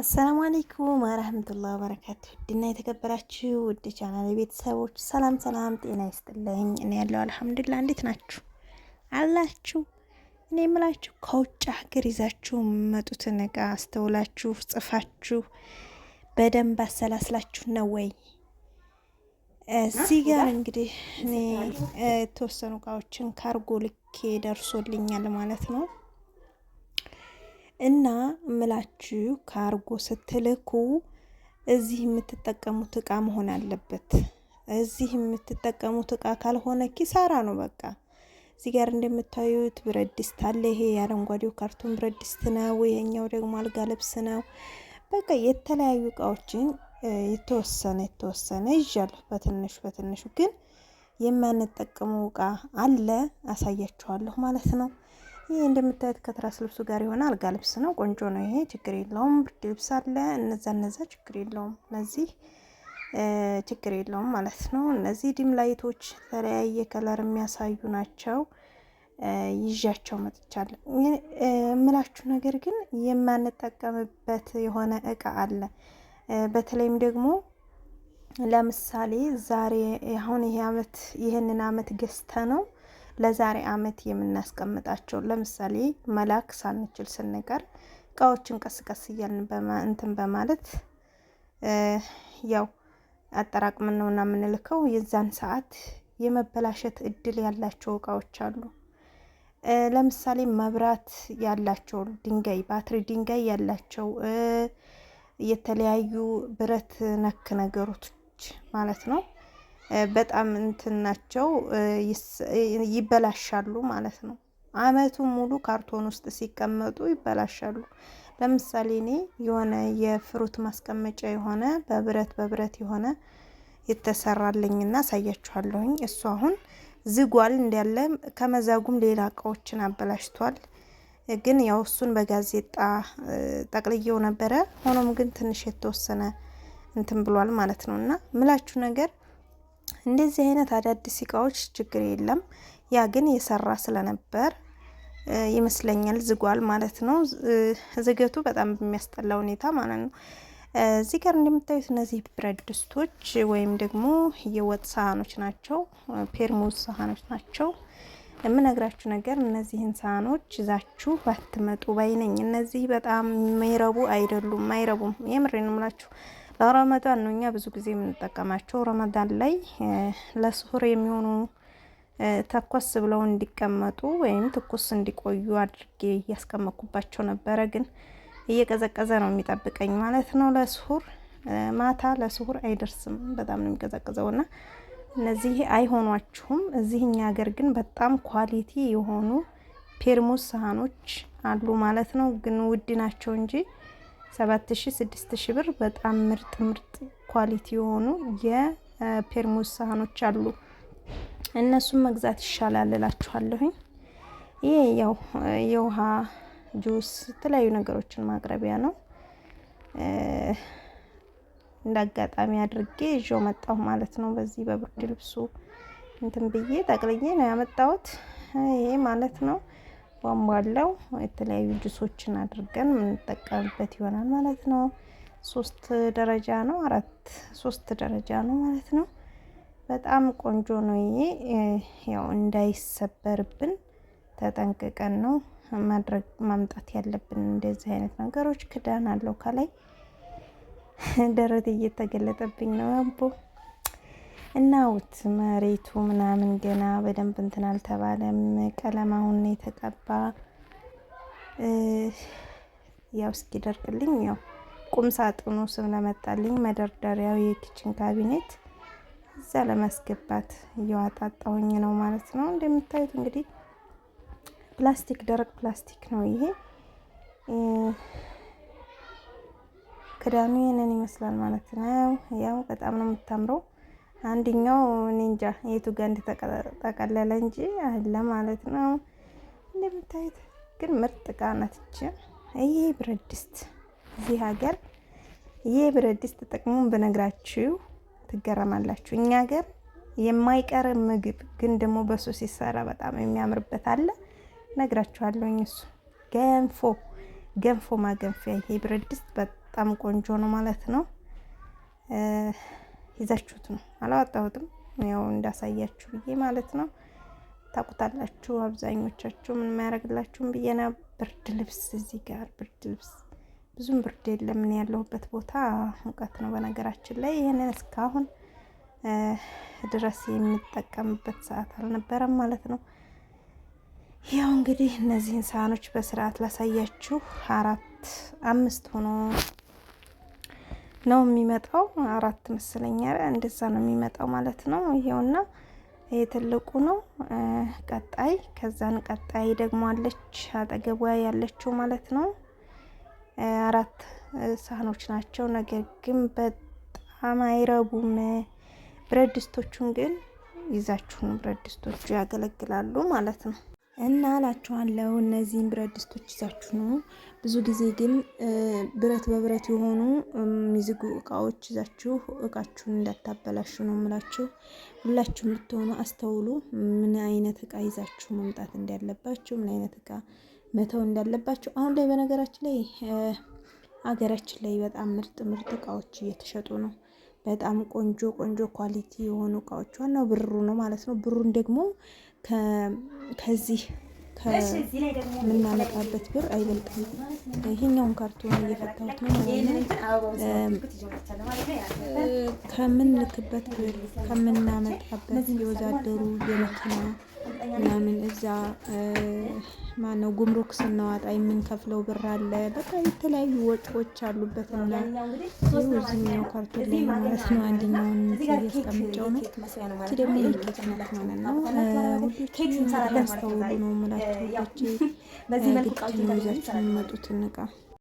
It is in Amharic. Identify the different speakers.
Speaker 1: አሰላሙ አሌይኩም ወረህመቱላህ ወበረካቱ። ውድና የተከበራችሁ ውድ ቻናል ቤተሰቦች ሰላም ሰላም፣ ጤና ይስጥልኝ። እኔ ያለው አልሐምዱሊላህ። እንዴት ናችሁ አላችሁ? እኔ የምላችሁ ከውጭ ሀገር ይዛችሁ መጡትን እቃ አስተውላችሁ ጽፋችሁ በደንብ አሰላስላችሁ ነው ወይ? እዚህ ጋር እንግዲህ እኔ የተወሰኑ እቃዎችን ካርጎ ልኬ ደርሶልኛል ማለት ነው እና እምላችሁ ካርጎ ስትልኩ እዚህ የምትጠቀሙት እቃ መሆን አለበት። እዚህ የምትጠቀሙት እቃ ካልሆነ ኪሳራ ነው። በቃ እዚህ ጋር እንደምታዩት ብረት ድስት አለ። ይሄ የአረንጓዴው ካርቶን ብረት ድስት ነው። ይሄኛው ደግሞ አልጋ ልብስ ነው። በቃ የተለያዩ እቃዎችን የተወሰነ የተወሰነ ይዣለሁ። በትንሹ በትንሹ ግን የማንጠቀመው እቃ አለ፣ አሳያችኋለሁ ማለት ነው። ይህ እንደምታዩት ከትራስ ልብሱ ጋር የሆነ አልጋ ልብስ ነው። ቆንጆ ነው። ይሄ ችግር የለውም። ብርድ ልብስ አለ እነዛ እነዛ ችግር የለውም። ለዚህ ችግር የለውም ማለት ነው። እነዚህ ዲም ላይቶች ተለያየ ከለር የሚያሳዩ ናቸው። ይዣቸው መጥቻለሁ። የምላችሁ ነገር ግን የማንጠቀምበት የሆነ እቃ አለ። በተለይም ደግሞ ለምሳሌ ዛሬ አሁን ይሄ አመት ይህንን አመት ገዝተ ነው ለዛሬ አመት የምናስቀምጣቸው ለምሳሌ መላክ ሳንችል ስንቀር እቃዎችን ቀስቀስ እያልን እንትን በማለት ያው አጠራቅምን ነውና የምንልከው የዛን ሰዓት የመበላሸት እድል ያላቸው እቃዎች አሉ። ለምሳሌ መብራት ያላቸው ድንጋይ፣ ባትሪ ድንጋይ ያላቸው የተለያዩ ብረት ነክ ነገሮች ማለት ነው። በጣም እንትን ናቸው፣ ይበላሻሉ ማለት ነው። አመቱን ሙሉ ካርቶን ውስጥ ሲቀመጡ ይበላሻሉ። ለምሳሌ እኔ የሆነ የፍሩት ማስቀመጫ የሆነ በብረት በብረት የሆነ የተሰራልኝና አሳያችኋለሁኝ። እሱ አሁን ዝጓል እንዳለ ከመዛጉም ሌላ እቃዎችን አበላሽቷል። ግን ያው እሱን በጋዜጣ ጠቅልየው ነበረ። ሆኖም ግን ትንሽ የተወሰነ እንትን ብሏል ማለት ነው እና ምላችሁ ነገር እንደዚህ አይነት አዳዲስ እቃዎች ችግር የለም። ያ ግን የሰራ ስለነበር ይመስለኛል ዝጓል ማለት ነው። ዝገቱ በጣም በሚያስጠላ ሁኔታ ማለት ነው። እዚህ ጋር እንደምታዩት እነዚህ ብረት ድስቶች ወይም ደግሞ የወጥ ሳህኖች ናቸው፣ ፔርሙዝ ሳህኖች ናቸው። የምነግራችሁ ነገር እነዚህን ሳህኖች ይዛችሁ ባትመጡ ባይነኝ። እነዚህ በጣም የሚረቡ አይደሉም፣ አይረቡም። የምሬን ነው ለረመዳን ነው እኛ ብዙ ጊዜ የምንጠቀማቸው። ረመዳን ላይ ለስሁር የሚሆኑ ተኮስ ብለው እንዲቀመጡ ወይም ትኩስ እንዲቆዩ አድርጌ እያስቀመኩባቸው ነበረ፣ ግን እየቀዘቀዘ ነው የሚጠብቀኝ ማለት ነው። ለስሁር ማታ ለስሁር አይደርስም፣ በጣም ነው የሚቀዘቅዘው ና እነዚህ አይሆኗችሁም። እዚህኛ ሀገር ግን በጣም ኳሊቲ የሆኑ ፔርሙስ ሳህኖች አሉ ማለት ነው፣ ግን ውድ ናቸው እንጂ 7600 ብር በጣም ምርጥ ምርጥ ኳሊቲ የሆኑ የፔርሙዝ ሳህኖች አሉ። እነሱም መግዛት ይሻላል እላችኋለሁኝ። ይሄ ያው የውሃ ጁስ፣ የተለያዩ ነገሮችን ማቅረቢያ ነው። እንደ አጋጣሚ አድርጌ ይዤው መጣሁ ማለት ነው። በዚህ በብርድ ልብሱ እንትን ብዬ ጠቅልዬ ነው ያመጣሁት። ይሄ ማለት ነው። ቧንቧ አለው። የተለያዩ ጁሶችን አድርገን የምንጠቀምበት ይሆናል ማለት ነው። ሶስት ደረጃ ነው አራት ሶስት ደረጃ ነው ማለት ነው። በጣም ቆንጆ ነው። ይሄ ያው እንዳይሰበርብን ተጠንቅቀን ነው ማድረግ ማምጣት ያለብን እንደዚህ አይነት ነገሮች። ክዳን አለው ከላይ ደረት እየተገለጠብኝ ነው አቦ እና ውት መሬቱ ምናምን ገና በደንብ እንትን አልተባለም። ቀለም አሁን የተቀባ። ያው እስኪደርቅልኝ ያው ቁም ሳጥኑ ስም ለመጣልኝ መደርደሪያው የኪችን ካቢኔት እዛ ለማስገባት እየዋጣጣሁኝ ነው ማለት ነው። እንደምታዩት እንግዲህ ፕላስቲክ ደረቅ ፕላስቲክ ነው ይሄ። ክዳኑ ይህንን ይመስላል ማለት ነው። ያው በጣም ነው የምታምረው። አንድኛው ኒንጃ የቱ ጋር እንደተጠቀለለ እንጂ አለ ማለት ነው። እንደምታዩት ግን ምርጥ እቃ ናት። ይሄ ብረት ድስት እዚህ ሀገር ይሄ ብረት ድስት ጥቅሙን ብነግራችሁ ትገረማላችሁ። እኛ ሀገር የማይቀር ምግብ ግን ደግሞ በሱ ሲሰራ በጣም የሚያምርበት አለ። ነግራችኋለሁኝ። እሱ ገንፎ ገንፎ ማገንፊያ ይሄ ብረት ድስት በጣም ቆንጆ ነው ማለት ነው። ይዛችሁት ነው። አላወጣሁትም ያው እንዳሳያችሁ ብዬ ማለት ነው። ታቁታላችሁ አብዛኞቻችሁ ምን ብዬ ብዬና ብርድ ልብስ እዚህ ጋር ብርድ ልብስ ብዙም ብርድ የለም። እኔ ያለሁበት ቦታ ሙቀት ነው። በነገራችን ላይ ይህንን እስካሁን ድረስ የምጠቀምበት ሰዓት አልነበረም ማለት ነው። ያው እንግዲህ እነዚህን ሳህኖች በስርዓት ላሳያችሁ። አራት አምስት ሆኖ ነው የሚመጣው። አራት መሰለኛል እንደዛ ነው የሚመጣው ማለት ነው። ይሄውና ትልቁ ነው ቀጣይ። ከዛን ቀጣይ ደግሞ አለች አጠገቧ ያለችው ማለት ነው። አራት ሳህኖች ናቸው። ነገር ግን በጣም አይረቡም። ብረት ድስቶቹን ግን ይዛችሁን ብረት ድስቶቹ ያገለግላሉ ማለት ነው። እና አላችኋለሁ። እነዚህን ብረት ድስቶች ይዛችሁ ነው። ብዙ ጊዜ ግን ብረት በብረት የሆኑ የሚዝጉ እቃዎች ይዛችሁ እቃችሁን እንዳታበላሹ ነው የምላችሁ። ሁላችሁ ብትሆኑ አስተውሉ፣ ምን አይነት እቃ ይዛችሁ መምጣት እንዳለባችሁ፣ ምን አይነት እቃ መተው እንዳለባችሁ። አሁን ላይ በነገራችን ላይ ሀገራችን ላይ በጣም ምርጥ ምርጥ እቃዎች እየተሸጡ ነው። በጣም ቆንጆ ቆንጆ ኳሊቲ የሆኑ እቃዎች ዋናው ብሩ ነው ማለት ነው። ብሩን ደግሞ ከዚህ ከምናመጣበት ብር አይበልጥም። ይሄኛውን ካርቶን እየፈታሁት ነው ከምንልክበት ብር ከምናመጣበት የወዛደሩ የመኪና ምናምን እዛ ማነው ጉምሩክ ስናዋጣ የምንከፍለው ብር አለ። በቃ የተለያዩ ወጪዎች አሉበትና እዚህኛው ካርቶን ላይ ማለት ነው አንደኛውን እያስቀምጨው ነው። እቺ ደግሞ ልኬት ናት ማለት ነው። ሁሉ ያስተውሉ ነው የምላቸው። ግድ ነው ይዛችሁ የሚመጡትን እቃ